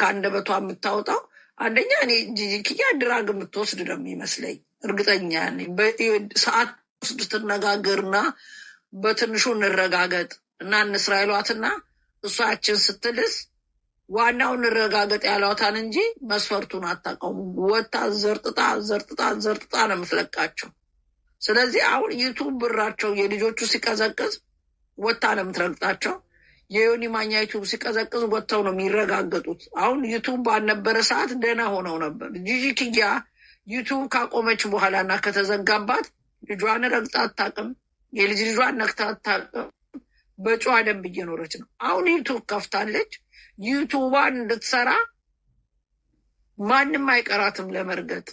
ከአንደበቷ የምታወጣው አንደኛ እኔ ጂጂኪያ ድራግ የምትወስድ ነው የሚመስለኝ። እርግጠኛ ሰዓት ውስጥ ትነጋገርና በትንሹ እንረጋገጥ እና እንስራይሏትና እሷችን ስትልስ ዋናው እንረጋገጥ ያሏታን እንጂ መስፈርቱን አታውቀውም። ወታ ዘርጥጣ ዘርጥጣ ዘርጥጣ ነው የምትለቃቸው። ስለዚህ አሁን ዩቱብ ብራቸው የልጆቹ ሲቀዘቅዝ ወታ ነው የምትረግጣቸው። የዮኒ ማኛ ዩቱብ ሲቀዘቅዝ ወጥተው ነው የሚረጋገጡት። አሁን ዩቱብ ባልነበረ ሰዓት ደህና ሆነው ነበር። ጂጂ ኪያ ዩቱብ ካቆመች በኋላ እና ከተዘጋባት ልጇን ረግጣ አታውቅም። የልጅ ልጇን ነክታ አታውቅም። በጨዋ ደንብ እየኖረች ነው። አሁን ዩቱብ ከፍታለች። ዩቱባን እንድትሰራ ማንም አይቀራትም ለመርገጥ።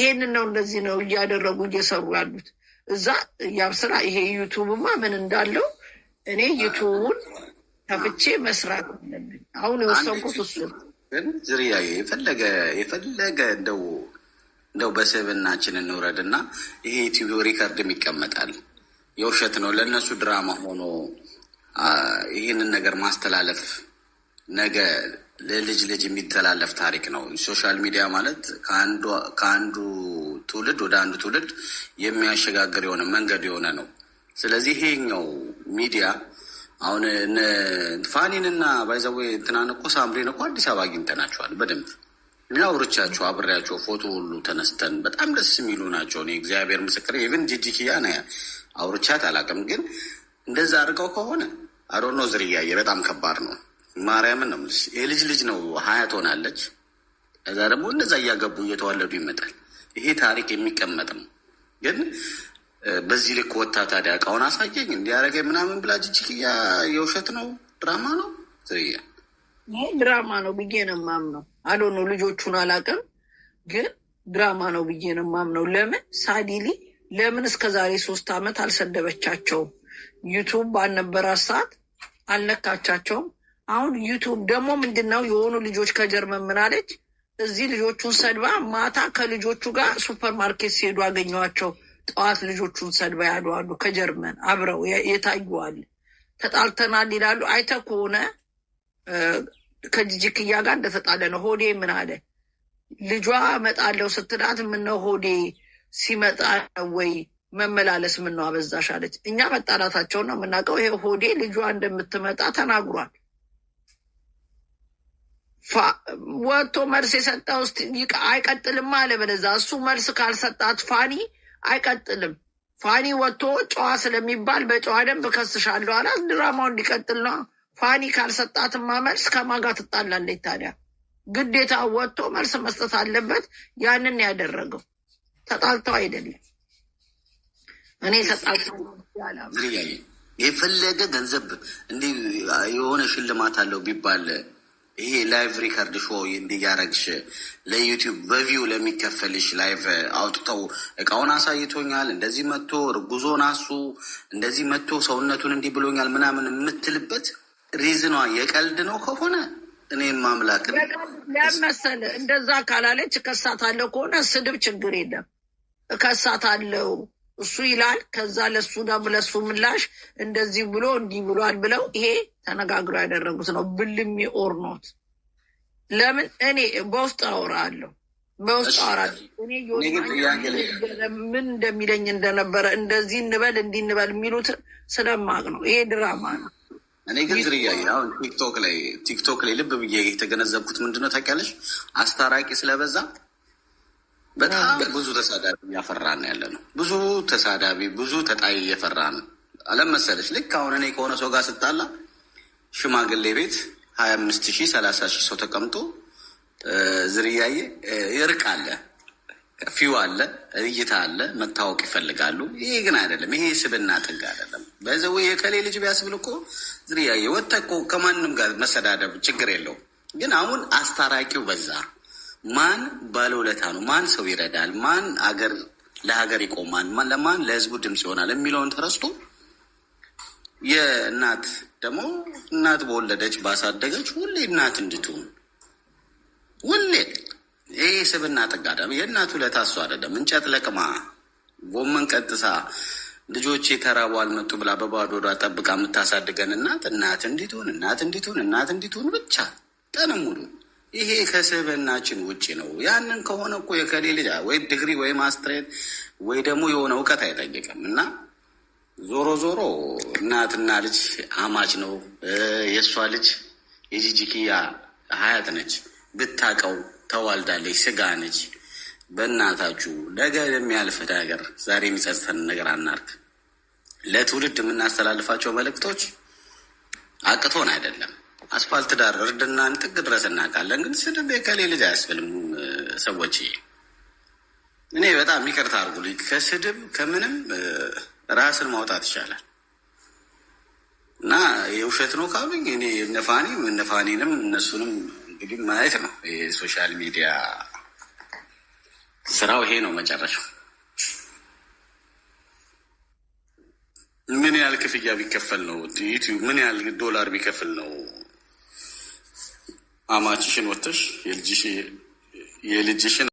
ይህንን ነው እንደዚህ ነው እያደረጉ እየሰሩ ያሉት እዛ ያብስራ ይሄ ዩቱብማ ምን እንዳለው እኔ ዩቱቡን ከፍቼ መስራት አሁን የወሰንኩት እሱ ግን ዝርያ የፈለገ የፈለገ እንደው እንደው በስብናችን እንውረድ እንውረድና ይሄ ዩቲዩብ ሪከርድም ይቀመጣል። የውሸት ነው ለእነሱ ድራማ ሆኖ ይህንን ነገር ማስተላለፍ ነገ ለልጅ ልጅ የሚተላለፍ ታሪክ ነው። ሶሻል ሚዲያ ማለት ከአንዱ ትውልድ ወደ አንዱ ትውልድ የሚያሸጋግር የሆነ መንገድ የሆነ ነው። ስለዚህ ይሄኛው ሚዲያ አሁን ፋኒንና ባይዘዌ እንትናን እኮ ሳምሪን እኮ አዲስ አበባ አግኝተናቸዋል በደንብ እና አብሬያቸው ፎቶ ሁሉ ተነስተን በጣም ደስ የሚሉ ናቸው። እኔ እግዚአብሔር ምስክር ኢቨን ጂጂኪያ ነ አውርቻት አላውቅም፣ ግን እንደዛ አድርገው ከሆነ አዶኖ ዝርያየ በጣም ከባድ ነው። ማርያምን ነው የልጅ ልጅ ነው ሀያ ትሆናለች። እዛ ደግሞ እነዛ እያገቡ እየተዋለዱ ይመጣል። ይሄ ታሪክ የሚቀመጥ ነው ግን በዚህ ልክ ወታ ታዲያ እቃውን አሳየኝ እንዲያደረገ ምናምን ብላ ጅጅክያ የውሸት ነው ድራማ ነው ዝርያ ድራማ ነው ብዬ ነው የማምነው። ነው ልጆቹን አላውቅም፣ ግን ድራማ ነው ብዬ ነው የማምነው። ለምን ሳዲሊ ለምን ዛሬ ሶስት ዓመት አልሰደበቻቸውም? ዩቱብ ባልነበራት ሰዓት አልነካቻቸውም። አሁን ዩቱብ ደግሞ ምንድነው የሆኑ ልጆች ከጀርመን ምናለች እዚህ ልጆቹን ሰድባ ማታ ከልጆቹ ጋር ሱፐርማርኬት ሲሄዱ አገኘዋቸው ጠዋት ልጆቹን ሰድባ ያሉ አሉ። ከጀርመን አብረው የታዩዋል። ተጣልተናል ይላሉ። አይተ ከሆነ ከጅጅክያ ጋር እንደተጣለ ነው። ሆዴ ምን አለ ልጇ መጣለው ስትላት ምነው ሆዴ ሲመጣ ነው ወይ መመላለስ ምነው አበዛሽ አለች። እኛ መጣላታቸውን ነው የምናውቀው። ይሄ ሆዴ ልጇ እንደምትመጣ ተናግሯል። ወጥቶ መልስ የሰጠው አይቀጥልም አለ። በለዛ እሱ መልስ ካልሰጣት ፋኒ አይቀጥልም። ፋኒ ወጥቶ ጨዋ ስለሚባል በጨዋ ደንብ ከስሻለሁ አላት። ድራማው እንዲቀጥል ነው። ፋኒ ካልሰጣትማ መልስ ከማን ጋር ትጣላለች ታዲያ? ግዴታ ወጥቶ መልስ መስጠት አለበት። ያንን ያደረገው ተጣልተው አይደለም። እኔ ተጣልተው የፈለገ ገንዘብ እንዲህ የሆነ ሽልማት አለው ቢባል ይሄ ላይቭ ሪከርድ ሾ እንዲያረግሽ ለዩቲዩብ በቪው ለሚከፈልሽ ላይቭ አውጥተው እቃውን አሳይቶኛል፣ እንደዚህ መቶ ርጉዞን አሱ እንደዚህ መቶ ሰውነቱን እንዲህ ብሎኛል ምናምን የምትልበት ሪዝኗ የቀልድ ነው ከሆነ እኔም ማምላክ ለመሰል እንደዛ ካላለች እከሳታለሁ ከሆነ ስድብ ችግር የለም እከሳታለሁ እሱ ይላል። ከዛ ለሱ ደግሞ ለሱ ምላሽ እንደዚህ ብሎ እንዲህ ብሏል ብለው ይሄ ተነጋግሮ ያደረጉት ነው። ብልሚ ኦርኖት ለምን እኔ በውስጥ አወራለሁ በውስጥ አወራለሁ። ምን እንደሚለኝ እንደነበረ እንደዚህ እንበል እንዲህ እንበል የሚሉት ስለማቅ ነው። ይሄ ድራማ ነው። እኔ ግን ዝርያ አሁን ቲክቶክ ላይ ቲክቶክ ላይ ልብ ብዬ የተገነዘብኩት ምንድነው ታውቂያለሽ? አስታራቂ ስለበዛ በጣም ብዙ ተሳዳቢ ነው ያለ ነው። ብዙ ተሳዳቢ፣ ብዙ ተጣይ ነው። አለም መሰለች። ልክ አሁን እኔ ከሆነ ሰው ጋር ስጣላ ሽማግሌ ቤት ሀያ አምስት ሺህ ሰላሳ ሺህ ሰው ተቀምጦ ዝርያዬ እርቅ አለ፣ ፊው አለ፣ እይታ አለ፣ መታወቅ ይፈልጋሉ። ይሄ ግን አይደለም። ይሄ ስብና ጥግ አይደለም። በዘው የከሌ ልጅ ቢያስብል እኮ ዝርያዬ ወጥተህ እኮ ከማንም ጋር መሰዳደብ ችግር የለውም። ግን አሁን አስታራቂው በዛ ማን ባለውለታ ነው፣ ማን ሰው ይረዳል፣ ማን አገር ለሀገር ይቆማል፣ ለማን ለህዝቡ ድምፅ ይሆናል የሚለውን ተረስቶ የእናት ደግሞ እናት በወለደች ባሳደገች ሁሌ እናት እንድትሆን ሁሌ ይህ ስብና ጥጋዳም የእናት ውለታ እሱ አይደለም። እንጨት ለቅማ ጎመን ቀጥሳ ልጆቼ ተራቡ አልመጡ ብላ በባዶ ጠብቃ የምታሳድገን እናት እናት እንዲትሆን እናት እንዲትሆን እናት እንዲትሆን ብቻ ቀንም ሙሉ ይሄ ከስብናችን ውጭ ነው። ያንን ከሆነ እኮ የከሌ ልጅ ወይ ድግሪ ወይ ማስትሬት ወይ ደግሞ የሆነ እውቀት አይጠይቅም። እና ዞሮ ዞሮ እናትና ልጅ አማች ነው። የእሷ ልጅ የጂጂኪያ ሀያት ነች። ብታቀው ተዋልዳለች፣ ስጋ ነች። በእናታችሁ ነገ የሚያልፍ ነገር ዛሬ የሚጸጽተን ነገር አናርግ። ለትውልድ የምናስተላልፋቸው መልእክቶች አቅቶን አይደለም አስፋልት ዳር እርድናን ጥግ ድረስ እናውቃለን። ግን ስድብ የከሌ ልጅ አያስብልም። ሰዎች እኔ በጣም ይቅርታ አድርጉልኝ። ከስድብ ከምንም ራስን ማውጣት ይቻላል እና የውሸት ነው ካሉኝ እኔ እነፋኒ እነፋኒንም እነሱንም እንግዲህ ማየት ነው። የሶሻል ሚዲያ ስራው ይሄ ነው መጨረሻው። ምን ያህል ክፍያ ቢከፈል ነው ዩቲዩብ ምን ያህል ዶላር ቢከፍል ነው አማችሽን ወተሽ የልጅሽን